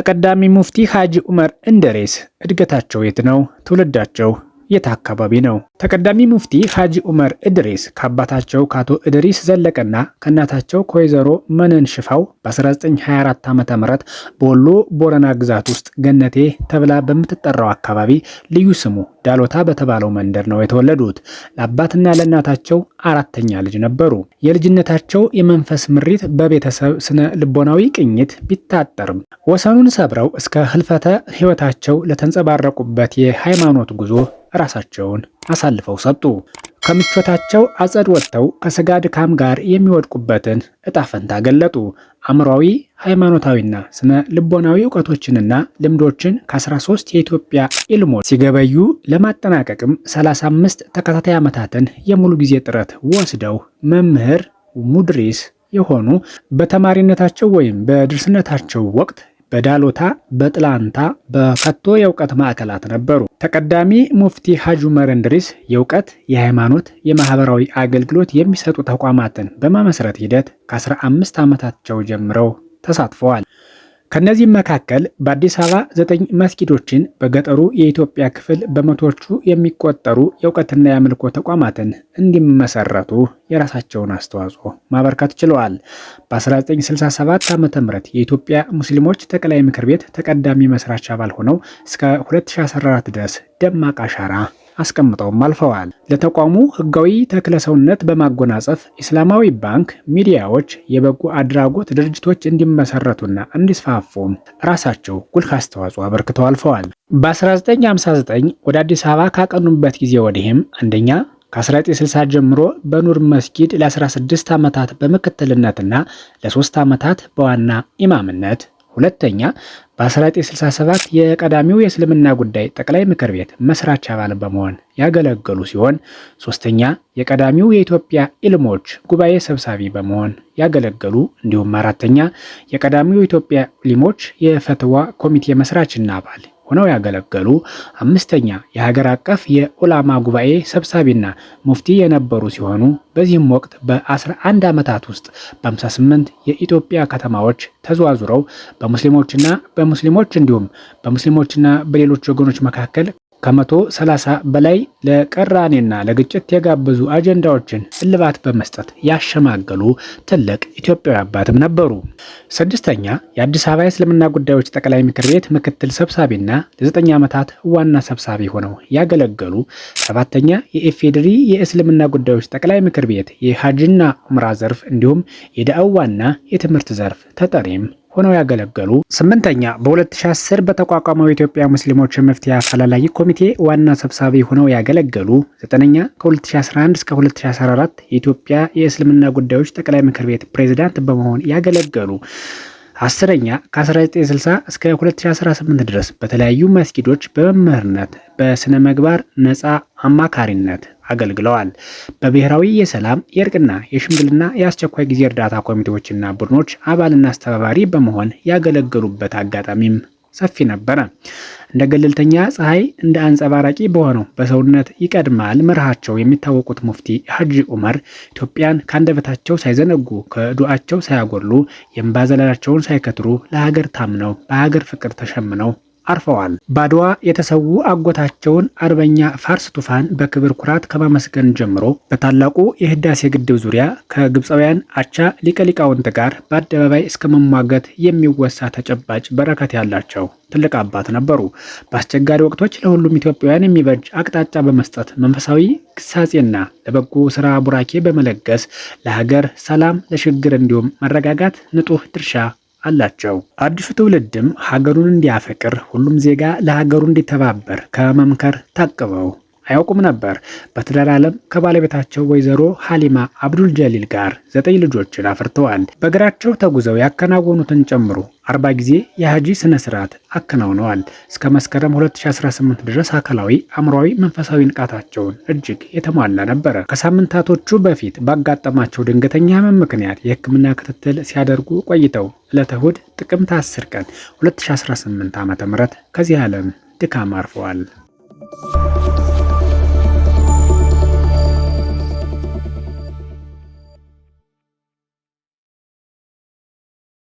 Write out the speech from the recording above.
ተቀዳሚ ሙፍቲ ሐጂ ዑመር እንደሬስ እድገታቸው የት ነው? ትውልዳቸው የት አካባቢ ነው? ተቀዳሚ ሙፍቲ ሐጂ ዑመር እድሪስ ከአባታቸው ከአቶ እድሪስ ዘለቀና ከእናታቸው ከወይዘሮ መነን ሽፋው በ1924 ዓ ም በወሎ ቦረና ግዛት ውስጥ ገነቴ ተብላ በምትጠራው አካባቢ ልዩ ስሙ ዳሎታ በተባለው መንደር ነው የተወለዱት። ለአባትና ለእናታቸው አራተኛ ልጅ ነበሩ። የልጅነታቸው የመንፈስ ምሪት በቤተሰብ ስነ ልቦናዊ ቅኝት ቢታጠርም ወሰኑን ሰብረው እስከ ህልፈተ ህይወታቸው ለተንጸባረቁበት የሃይማኖት ጉዞ ራሳቸውን አሳልፈው ሰጡ። ከምቾታቸው አጸድ ወጥተው ከስጋ ድካም ጋር የሚወድቁበትን እጣ ፈንታ ገለጡ። አእምሯዊ፣ ሃይማኖታዊና ስነ ልቦናዊ እውቀቶችንና ልምዶችን ከ13 የኢትዮጵያ ኢልሞች ሲገበዩ ለማጠናቀቅም 35 ተከታታይ ዓመታትን የሙሉ ጊዜ ጥረት ወስደው መምህር ሙድሪስ የሆኑ በተማሪነታቸው ወይም በድርስነታቸው ወቅት በዳሎታ በጥላንታ በፈቶ የእውቀት ማዕከላት ነበሩ። ተቀዳሚ ሙፍቲ ሐጅ ዑመር እንድሪስ የእውቀት፣ የሃይማኖት፣ የማህበራዊ አገልግሎት የሚሰጡ ተቋማትን በማመስረት ሂደት ከ15 ዓመታቸው ጀምረው ተሳትፈዋል። ከእነዚህም መካከል በአዲስ አበባ ዘጠኝ መስጊዶችን በገጠሩ የኢትዮጵያ ክፍል በመቶዎቹ የሚቆጠሩ የእውቀትና የአምልኮ ተቋማትን እንዲመሰረቱ የራሳቸውን አስተዋጽኦ ማበርከት ችለዋል። በ1967 ዓ ም የኢትዮጵያ ሙስሊሞች ጠቅላይ ምክር ቤት ተቀዳሚ መስራች አባል ሆነው እስከ 2014 ድረስ ደማቅ አሻራ አስቀምጠውም አልፈዋል። ለተቋሙ ህጋዊ ተክለ ሰውነት በማጎናጸፍ ኢስላማዊ ባንክ፣ ሚዲያዎች፣ የበጎ አድራጎት ድርጅቶች እንዲመሰረቱና እንዲስፋፉም ራሳቸው ጉልህ አስተዋጽኦ አበርክተው አልፈዋል። በ1959 ወደ አዲስ አበባ ካቀኑበት ጊዜ ወዲህም አንደኛ ከ1960 ጀምሮ በኑር መስጊድ ለ16 ዓመታት በምክትልነትና ለሶስት ዓመታት በዋና ኢማምነት ሁለተኛ በ1967 የቀዳሚው የእስልምና ጉዳይ ጠቅላይ ምክር ቤት መስራች አባል በመሆን ያገለገሉ ሲሆን ሶስተኛ የቀዳሚው የኢትዮጵያ ኢልሞች ጉባኤ ሰብሳቢ በመሆን ያገለገሉ እንዲሁም አራተኛ የቀዳሚው የኢትዮጵያ ኢልሞች የፈትዋ ኮሚቴ መስራችና አባል ሆነው ያገለገሉ፣ አምስተኛ የሀገር አቀፍ የኦላማ ጉባኤ ሰብሳቢና ሙፍቲ የነበሩ ሲሆኑ በዚህም ወቅት በ11 ዓመታት ውስጥ በ58 የኢትዮጵያ ከተማዎች ተዘዋዙረው በሙስሊሞችና በሙስሊሞች እንዲሁም በሙስሊሞችና በሌሎች ወገኖች መካከል ከመቶ ሰላሳ በላይ ለቅራኔና ለግጭት የጋበዙ አጀንዳዎችን እልባት በመስጠት ያሸማገሉ ትልቅ ኢትዮጵያዊ አባትም ነበሩ። ስድስተኛ የአዲስ አበባ የእስልምና ጉዳዮች ጠቅላይ ምክር ቤት ምክትል ሰብሳቢና ለዘጠኝ ዓመታት ዋና ሰብሳቢ ሆነው ያገለገሉ። ሰባተኛ የኢፌዴሪ የእስልምና ጉዳዮች ጠቅላይ ምክር ቤት የሀጅና ምራ ዘርፍ እንዲሁም የዳዕዋና የትምህርት ዘርፍ ተጠሪም ሆነው ያገለገሉ። ስምንተኛ በ2010 በተቋቋመው የኢትዮጵያ ሙስሊሞች መፍትሄ አፈላላጊ ኮሚቴ ዋና ሰብሳቢ ሆነው ያገለገሉ። ዘጠነኛ ከ2011 እስከ 2014 የኢትዮጵያ የእስልምና ጉዳዮች ጠቅላይ ምክር ቤት ፕሬዚዳንት በመሆን ያገለገሉ። አስረኛ ከ1960 እስከ 2018 ድረስ በተለያዩ መስጊዶች በመምህርነት በስነ ምግባር ነፃ አማካሪነት አገልግለዋል። በብሔራዊ የሰላም የእርቅና የሽምግልና የአስቸኳይ ጊዜ እርዳታ ኮሚቴዎችና ቡድኖች አባልና አስተባባሪ በመሆን ያገለገሉበት አጋጣሚም ሰፊ ነበረ። እንደ ገለልተኛ ፀሐይ እንደ አንጸባራቂ በሆነው በሰውነት ይቀድማል መርሃቸው የሚታወቁት ሙፍቲ ሀጂ ዑመር ኢትዮጵያን ከአንደበታቸው ሳይዘነጉ ከዱዓቸው ሳያጎሉ የእምባ ዘለላቸውን ሳይከትሩ ለሀገር ታምነው በሀገር ፍቅር ተሸምነው አርፈዋል። ባድዋ የተሰዉ አጎታቸውን አርበኛ ፋርስ ቱፋን በክብር ኩራት ከማመስገን ጀምሮ በታላቁ የህዳሴ ግድብ ዙሪያ ከግብፃውያን አቻ ሊቀሊቃውንት ጋር በአደባባይ እስከ መሟገት የሚወሳ ተጨባጭ በረከት ያላቸው ትልቅ አባት ነበሩ። በአስቸጋሪ ወቅቶች ለሁሉም ኢትዮጵያውያን የሚበጅ አቅጣጫ በመስጠት መንፈሳዊ ግሳጼና ለበጎ ስራ ቡራኬ በመለገስ ለሀገር ሰላም፣ ለሽግግር እንዲሁም መረጋጋት ንጡህ ድርሻ አላቸው። አዲሱ ትውልድም ሀገሩን እንዲያፈቅር ሁሉም ዜጋ ለሀገሩ እንዲተባበር ከመምከር ታቅበው አያውቁም ነበር። በትዳር ዓለም ከባለቤታቸው ወይዘሮ ሀሊማ አብዱል ጀሊል ጋር ዘጠኝ ልጆችን አፍርተዋል። በእግራቸው ተጉዘው ያከናወኑትን ጨምሮ አርባ ጊዜ የሀጂ ስነ ስርዓት አከናውነዋል። እስከ መስከረም 2018 ድረስ አካላዊ፣ አእምሯዊ፣ መንፈሳዊ ንቃታቸውን እጅግ የተሟላ ነበረ። ከሳምንታቶቹ በፊት ባጋጠማቸው ድንገተኛ ህመም ምክንያት የህክምና ክትትል ሲያደርጉ ቆይተው ዕለተ እሁድ ጥቅምት 10 ቀን 2018 ዓ.ም ከዚህ ዓለም ድካም አርፈዋል።